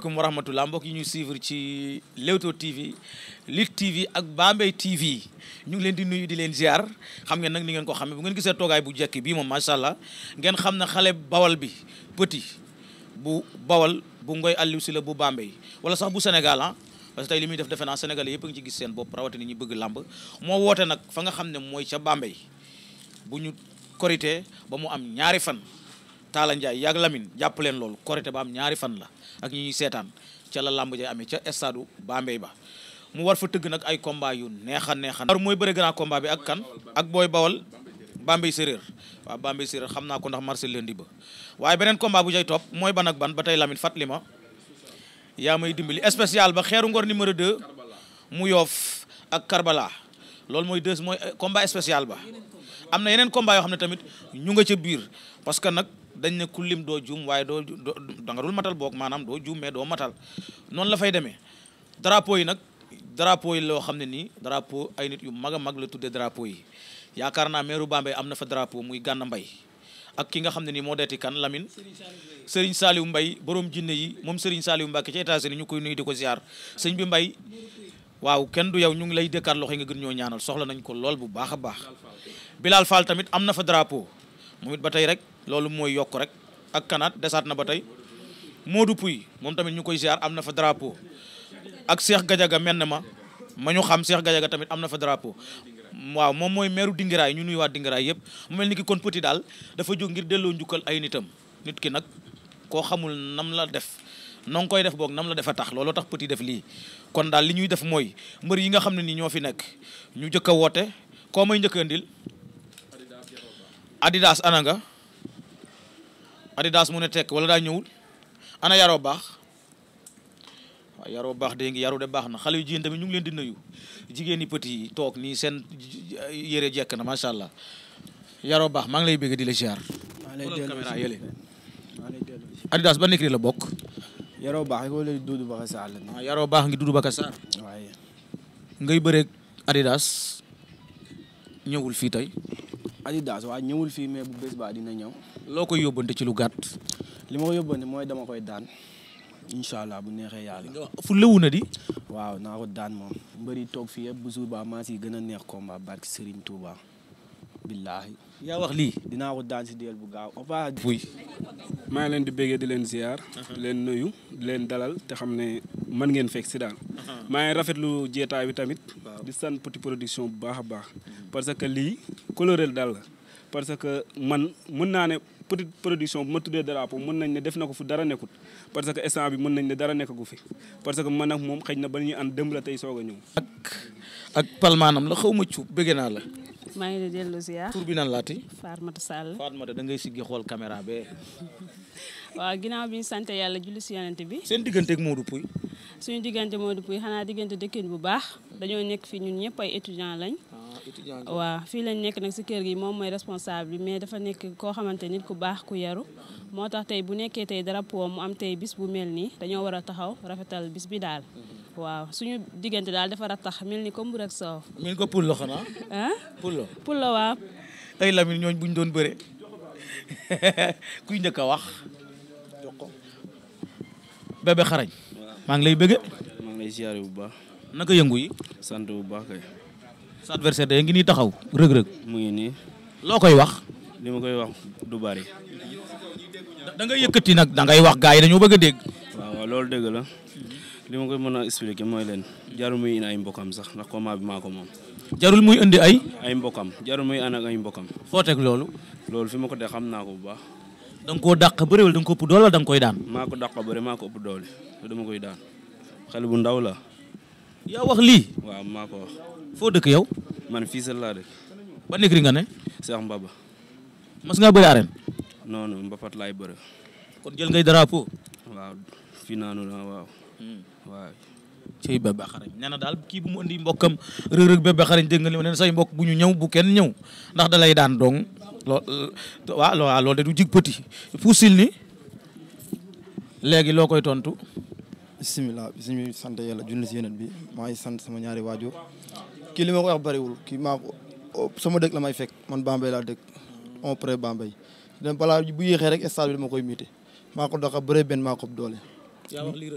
alaykum wa rahmatullah mbokk yi ñu suivre ci Leewtoo TV Lutte TV ak Bambey TV ñu ngi leen di nuyu di leen ziar xam ngeen nag ni ngeen ko ne bu ngeen gisee toogaay bu jekk bii moo macha allah ngeen xam na xale bawal bi petit bu bawal bu ngoy Aliou Sylla bu Bambey wala sax bu Sénégal ah parce que tey li muy def defe naa Sénégalais yëpp a ngi ci gis seen bopp rawatina ñu bëgg làmb moo woote nag fa nga xam ne mooy ca Bambey bu ñu korité ba mu am ñaari fan. Talla Ndiaye yaag Lamine jàpp leen loolu korité ba am ñaari fan la ak ñi ñuy seetaan ca la làmb jay amee ca ba mu war fa tëgg nag ay combat yu neexan neexan war mooy bëre grand combat bi ak kan ak booy ba Bambey séréer waaw Bambey séréer xam naa ko ndax marché lundi ba waaye beneen combat bu jay top mooy ban ban ba tey Lamine fàttali ma yaa may dimbali spécial ba xeeru ngor numéro 2 mu yoof ak Karbala loolu mooy deux mooy combat spécial ba am na yeneen combat ne tamit ñu dañ ne ku lim doo juum waaye doo da nga matal boog maanaam doo juum mais doo matal noonu la fay demee drapeau yi nag drapeau yi loo xam ne nii drapeau ay nit yu mag a mag la tuddee drapeau yi yaakaar naa meeru Bambey am na fa drapeau muy Gana mbay ak ki nga xam ne nii moo deeti kan Lamine Serigne Saliou mbay borom jinne yi moom Serigne Saliou Mbacké ci États-Unis ñu koy nuyu di ko ziar sëñ bi Mbaye waaw kenn du yow ñu ngi lay dékkaat loxo yi nga gën ñoo ñaanal soxla nañ ko lool bu baax a baax Bilal Fall tamit am na fa moom it ba tey rek loolu mooy yokk rek ak kanaat desaat na ba tey Modou Pouy moom tamit ñu koy ziar am na fa drapeau ak Cheikh Gadiaga mel na ma ma ñu xam Cheikh Gadiaga tamit am na fa drapeau waaw moom mooy meeru dingiraay ñu nuy waa dingiraay yëpp mu mel ni ki kon petit daal dafa jóg ngir delloo njukkal ay nitam nit ki nag koo xamul nam la def noo koy def boog nam la defa tax looloo tax petit def lii kon daal li ñuy def mooy mbër yi nga xam ne nii ñoo fi nekk ñu njëkk a woote koo may njëkk Adidas ana nga Adidas mu ne tekk wala daa ñëwul ana yaroo baax waaw yaroo baax dégg nga yaru de baax na xale yu jigéen tamit ñu ngi leen di nuyu jigéen yi petit toog nii seen yére jekk na macha allah yaroo baax maa ngi lay bëgg di la ziar. maa lay dellu Adidas la bokk. yaroo baax nga wala Doudou Baka Sarr la. ah yaroo baax waaye ngay bëreeg Adidas ñëwul fii tey. Adidas waa ñëwul fii mais bu bés ba dina ñëw. loo koy yóbbante ci lu gàtt. li ma ko yóbbante mooy dama koy daan incha allah bu neexee yàlla. fu lewu na di. waaw naa ko daan moom mbëri toog fii yëpp bu jour ba maa si gën a neex combat barki Serigne Touba. billaahi. yaa wax lii. dinaa ko daan si déel bu gaaw. maa ngi leen di béggee di leen ziar. di leen nuyu di leen dalal te xam ne. man ngeen fekk si daal. Uh-huh. maa ngi rafetlu jeetaay bi tamit. di sant petit production bu baax a baax. Mm-hmm. parce que lii colorel daal la. parce que man mën naa ne petite production bu ma tuddee dara drapeau mën nañ ne def na ko fu dara nekkut parce que instant bi mën nañ ne dara nekkagu fi parce que man ak moom xëy na ba ñuy ànd démb la tey soog a ñëw. ak ak palmaanam la xaw ma cuub bëgg naa la. maa ngi lay dellu ziar. tur bi nan laati. Fatmata Sall. Fatmata da ngay siggi xool caméra be waaw ginnaaw bi ñu yàlla julli si bi. seen digganteeg Modou suñu diggante moo Modou Pouye xanaa diggante dëkkin bu baax dañoo nekk fii ñun ñëpp ay étudiant lañ ah, waaw fii lañ nekk nag si kër gi moom mooy responsable bi mais dafa nekk koo xamante nit ku baax ku yaru moo tax tey bu nekkee tey dara drapeau mu am tey bis bu mel nii dañoo war a taxaw rafetal bis bi daal mm-hmm. waaw suñu diggante daal dafa ratax mel ni comme bu rek soof mel ko pullo xanaa ah pullo pullo waaw tey Lamine ñooñ buñ doon bëre kuy njëkk a wax bébé maa ngi lay bëgge maa ngi bu baax. naka yëngu yi. sant bu baax kay. sa adversaire da ngi nii taxaw rëg-rëg. mu ngi nii. loo koy wax. li ma koy wax du bari. dangay ngay yëkkati nag dangay wax gars yi dañoo bëgg a dégg. loolu dëgg la. li ma koy mën a expliquer mooy leen jarul muy indi ay mbokam sax ndax combat bi maa ko moom. jarul muy indi ay. ay mbokam jarul muy ànd ak ay mbokam. foo teg loolu. loolu fi ma ko dee xam naa ko bu baax. da nga koo dàq wala da ko ëpp doole wala da koy daan. maa ko dàq bëri maa ko ëpp doole te dama koy daan xale bu ndaw la. yaa wax lii. waaw maa ko wax. foo dëkk yow. man fii sa laa ba nekk nga ne. Cheikh Mbaba. mas ngaa bëri arène. non non Mbapat laay bëri. kon jël ngay drapeau. waaw fii naanu na waaw. Hmm. waaw. ci bébé xarañ nee daal kii bu mu andi mbokkam rëg-rëg bébé xarañ dégg nga li ma ne say mbokk bu ñu ñëw bu kenn ñëw ndax da daan dong. loo waaw waaw loolu de du jig petit puusil ni léegi loo koy tontu. bisimilah bisimilah sant yàlla julli si yeneen bi maa ngi sant sama ñaari waajur kii li ma ko wax bariwul kii ma sama dëkk la may fekk man Bambey laa dëkk on près Bambey dem balaa bu yéexee rek stade bi dama koy miite maa ko doxa bëree benn maa ko doole. yaa wax lii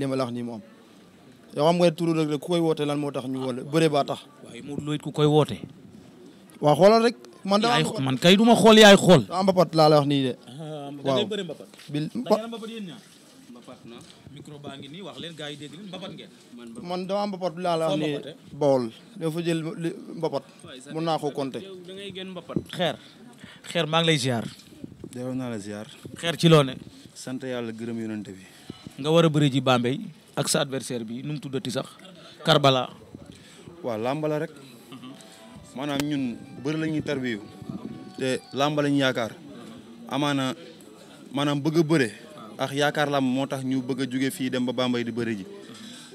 li ma la wax nii mu am. yoo xam rek ku koy woote lan moo tax ñu woote bëree baa tax. waaye Modou ku koy woote. waa xoolal rek man dama yaay man kay du xool yaay xool. waaw ah, mbapat laa la wax nii de. Ah, da bëri mbapat. micro baa ngi nii wax leen gars yi dégg leen mbapat man dama mbapat laa la wax nii bool dafa mun naa ko compter. da xeer xeer maa ngi lay ziar. delloo la ziar. xeer ci loone ne. sant yàlla gërëm yonent bi. nga war a bëri ji Bambey ak sa adversaire bi nu tuddati sax Karbala. waaw làmb la rek. maanaam ñun bëri la ñuy tarbiyu te làmb lañu yaakaar amaana maanaam bëgg a bëre ak yaakaar làmb moo tax ñu bëgg a jóge fii dem ba Bambey di bëri ji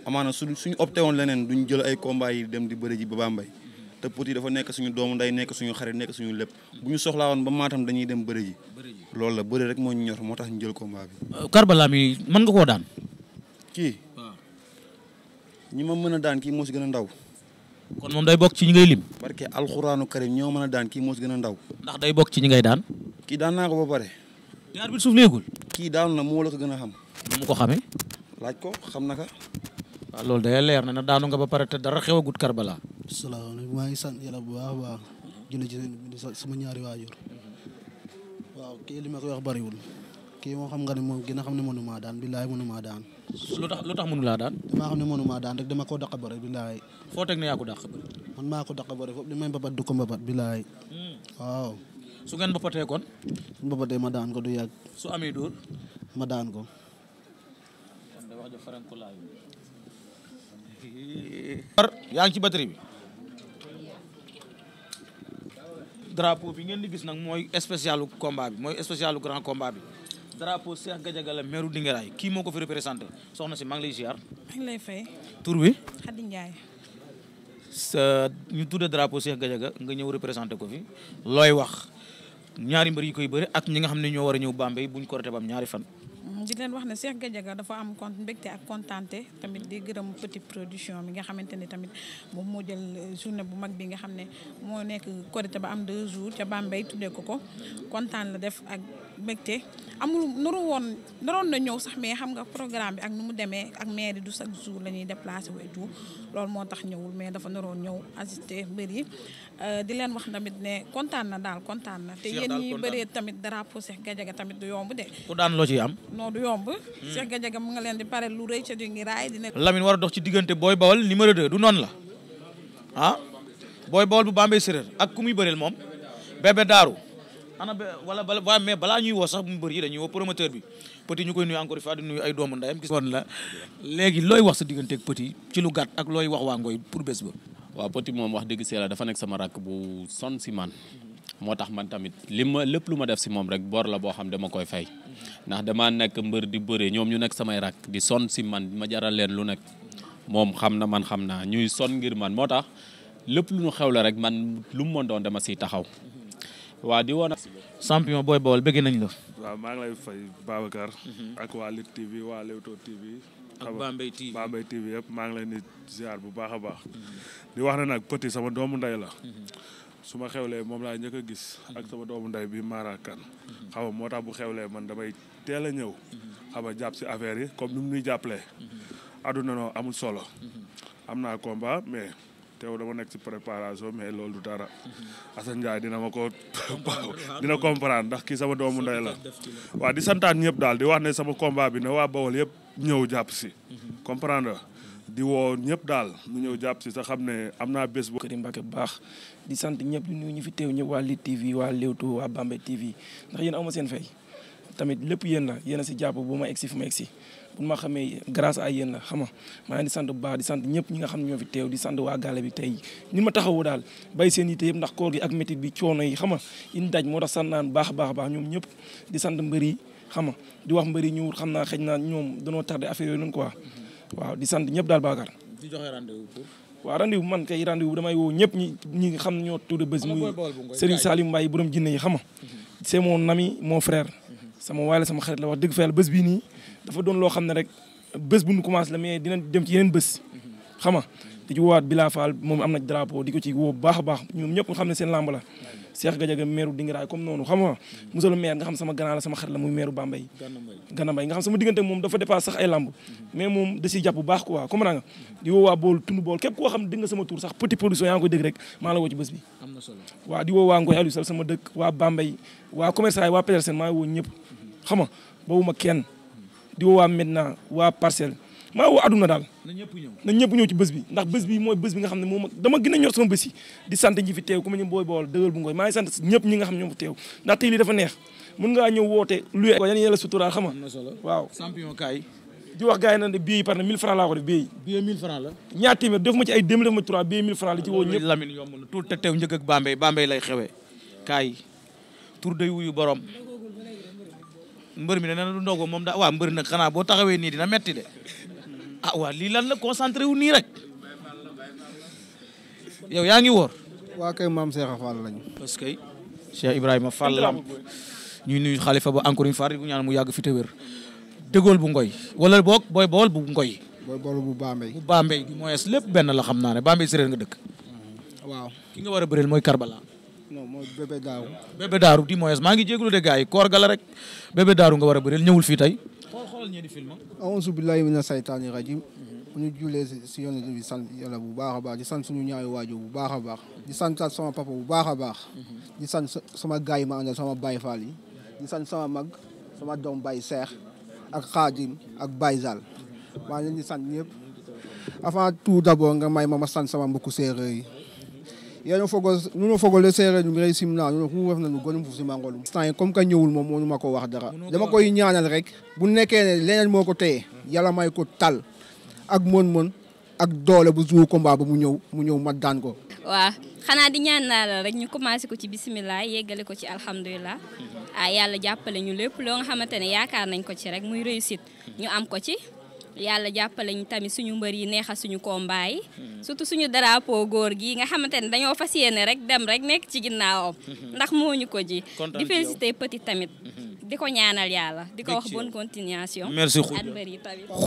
amaana su suñu opté woon leneen duñ jël ay combat yi dem di bëri ji ba Bambey te Petit dafa nekk suñu doomu nday nekk suñu xarit nekk suñu lépp bu ñu soxlaa woon ba maatam dañuy dem bëri ji loolu la bëri rek moo ñu ñor moo tax ñu jël combat bi. Euh, Karbala mi mën nga koo daan. kii ñu ma mën a daan kii moo si gën a ndaw. kon moom day bokk ci ñi ngay lim. barke alxuraanu karim ñoo mën a daan kii moo si gën a ndaw. ndax day bokk ci ñi ngay daan. kii daan naa ko ba pare. ñaar bi suuf léegul. kii daanu na moo la ko gën a xam. mu ko xamee. laaj ko xam na ka. waaw loolu day leer na na daanu nga ba pare te dara xewagut Karbala. salaamaaleykum maa ngi sant yala bu baax a baax. julli ci sama ñaari waajur. waaw kii li ma koy wax bariwul. kii moo xam nga ne moom gën a xam ne mënu maa daan billaay mënu maa daan. lu tax lu tax mënu laa daan. damaa xam ne mënu maa daan rek dama koo dàq bëre bilaay. foo teg ne yaa ko dàq man maa ko dàq bëre foofu hmm. su ngeen mbapatee kon. mbapatee ma daan ko du yàgg. su amee dóor. ma daan ko. yaa ngi ci batterie bi. drapeau bi ngeen di gis nag mooy spécialu komba bi mooy spécialu grand combat bi. drapeau Cheikh Gadiaga la meeru Dingaraay kii moo ko fi représenté soxna si maa ngi lay ziar. maa ngi lay fay. tur bi. Khady ñu tudde drapeau Cheikh Gadiaga nga ñëw représenté ko fi looy wax ñaari mbër yi koy bëri ak ñi nga xam ne ñoo war a ñëw Bambey buñ ko rete bam ñaari fan. Mm, di leen wax ne Cheikh Gadiaga dafa am compte mbégte ak tamit di gërëm petite production bi nga xamante ne tamit moom moo jël euh, journée bu mag bi nga xam ne moo nekk Korité ba am de jours ca Bambey tuddee ko ko kontaan def mbégte amul naru woon naroon na ñëw sax mais xam nga programme bi ak nu mu demee ak mairie du chaque jour la ñuy déplacé wu et loolu moo tax ñëwul mais dafa naroon ñëw assister mbër yi euh, di leen wax tamit ne kontaan na daal kontaan na. te yéen ñi bëree tamit drapeau Cheikh Gadiaga tamit du yomb de. ku daan loo ciy am. non du yomb. Hmm. Cheikh Gadiaga mu nga leen di pare lu rëy ca di ngi raay dina. Lamine war a dox ci diggante booy Bawol numéro 2 du noonu la ah Boy Bawol bu Bambey ak ku muy bëreel moom Bébé Daaru. ana wala bala waaye mais balaa ñuy woo sax mu mbër yi dañuy woo promoteur bi petit ñu koy nuyu encore une fois di nuyu ay doomu ndayam gis woon la léegi looy wax sa digganteek ak petit ci lu gàtt ak looy wax waa Ngoy pour bés ba waaw petit moom wax dëgg seela dafa nekk sama rakk bu son si man moo tax man tamit li ma lépp lu ma def si moom rek bor la boo xam dama koy fay ndax damaa nekk mbër di bëree ñoom ñu nekk samay rakk di son si man ma jaral leen lu nekk moom xam na man xam naa ñuy son ngir man moo tax lépp lu ñu xew la rek man lu mu mën doon dama siy taxaw waa di woon champion booy Bawol bëgg nañ la. waaw maa ngi lay fay Babacar. Mhm. ak waa Lit TV waa Leewtoo TV. ak Bambey TV TV yëpp maa ngi lay nit ziar bu baax a baax. Mhm. di wax na nag petit sama doomu nday la. Mhm. su ma xewlee moom laa njëkk a gis. ak sama doomu nday bi Mara Kane. xam moo tax bu xew xewlee man damay teel a ñëw. xam nga jàpp si affaire yi comme ni mu ñuy jàppalee. aduna noo amul solo. am naa combat mais. teew dama nekk ci préparation mais loolu dara mhm. Assane Ndiaye dina ma ko dina comprendre ndax kii sama doomu ndey la waa di santaan ñëpp daal di wax ne sama combat bi na waa Bawol yépp ñëw jàpp si mhm. comprendre mhm. di woo ñëpp daal ñu ñëw jàpp si sa xam ne am naa bés boo Karim bu baax di sant ñëpp di nuyu ñu fi teew ñëpp waa Lutte TV waa Leewtoo TV ndax yéen aw seen fay tamit lépp yéen la yéen a si jàpp bu ma egsi fu ma egsi bu ma xamee grâce à yéen la xam nga maa ngi di sant bu baax di sant ñëpp ñi nga xam ne ñoo fi teew di sant waa gaale bi tey ñun ma daal bay seen yitte yëpp ndax koor gi ak métit bi coono yi xam baax a baax baax ñoom ñëpp di sant mbër yi wax mbër yi ñu xam naa xëy na ñoom danoo tardé affaire yooyu noonu quoi waaw ñëpp daal Bakar di joxe rendez-vous pour waaw rendez-vous man kay rendez-vous damay woo ñëpp ñi ñi xam ñoo tudd bés muy Serigne Salim Mbaye borom jinne yi xam nga mhm. c'est mon ami mon sama waay la sama xarit la wax dëgg fa yàlla bés bii nii dafa doon loo xam ne rek bés bu ñu commencé la mais dina dem ci yeneen bés xam nga di ci woowaat Bilal Fall moom am na drapeau di ko ci woo baax a baax ñoom ñëpp nga xam ne seen lamb la Cheikh meeru Dingiraay comme noonu xam nga monsieur nga xam sama grand sama xarit la muy meeru baax quoi nga xam sama tur sax petit production yaa ngi koy dégg rek maa la woo ci bi am di woo waa Ngoy Aliou sama dëkk waa Bambey waa commerçant yi waa Petersen maa woo ñëpp xam boobu ma kenn di woo waa Medina waa Parcelles maa woo aduna daal na ñëpp ñëw ci bés bi ndax bés bi mooy bés bi nga xam ne moom dama gën a ñor sama bés yi di sant ñi fi teew ku ma ñu booy bool dëgal bu ngoy maa ngi nga xam ñoom fi teew ndax waaw champion wax gars yi naan billet yi par na 1000 la ñaar téeméer def ma ci ay 2000 def ma 3 billet 1000 francs la na tur mi dana du ndogo moom daa waaw mbër nag xanaa boo taxawee nii dina metti de Ah, waa lii lan la concentré wu nii rek yow yaa ngi woor. waa kay maam Cheikh Fall lañu. parce que Cheikh Ibrahima Fall Lamp ñuy nuyu xalifa ba encore une fois bu mu yàgg fi te dëggool bu ngoy walla boog booy bool bu ngoy. booy bool bu Bambey. bu Bambey du moyes lépp benn la xam naa ne Bambey nga dëkk. Mm-hmm. waaw ki nga war a bëreel mooy Karbala. non mooy bébé daaru. bébé di moyes maa ngi jégalu de gars yi koor gala rek bébé daaru nga war a bëreel ñëwul fii tey. aouzu a mina saytaani rajim bu ñu julee si yoon bi sant yàlla bu baax a baax san sant suñu ñaari waajo bu baax a baax di santaat sama papa bu baax a baax di sant sama gaay ma sama baay faal yi di sant sama mag sama doom bay seex ak xaadim ak bay zal maa leen di sant ñëpp avant tout d'abord nga may ma ma sant sama mbokku séeréer yi yeeno fogo nuno fogole seere nu ngiray simna nuno ku ref na nu gonum fo simangolum temps ko wax dara dama koy ñaanal rek bu nekkee ne leneen moo ko téye yàlla may ko tal ak mën-mën ak doole bu juu combat ba mu ñëw mu ñëw mat daan ko waaw xanaa di ñaan naa rek ñu commencé ko ci bisimilah yeggale ko ci alhamdulilah ah yàlla jàppale ñu lépp loo nga xamante ne yaakaar nañ ko ci rek muy réussite ñu am ko ci yàlla jàppale ñu tamit suñu mbër yi neexal suñu combat yi surtout suñu drapeau góor gi nga xamante ne dañoo fas yéene rek dem rek nekk ci ginnaawam ndax moo ñu ko ji di félicité petit tamit di ko ñaanal yàlla di ko wax bonne continuation ak mbër tamit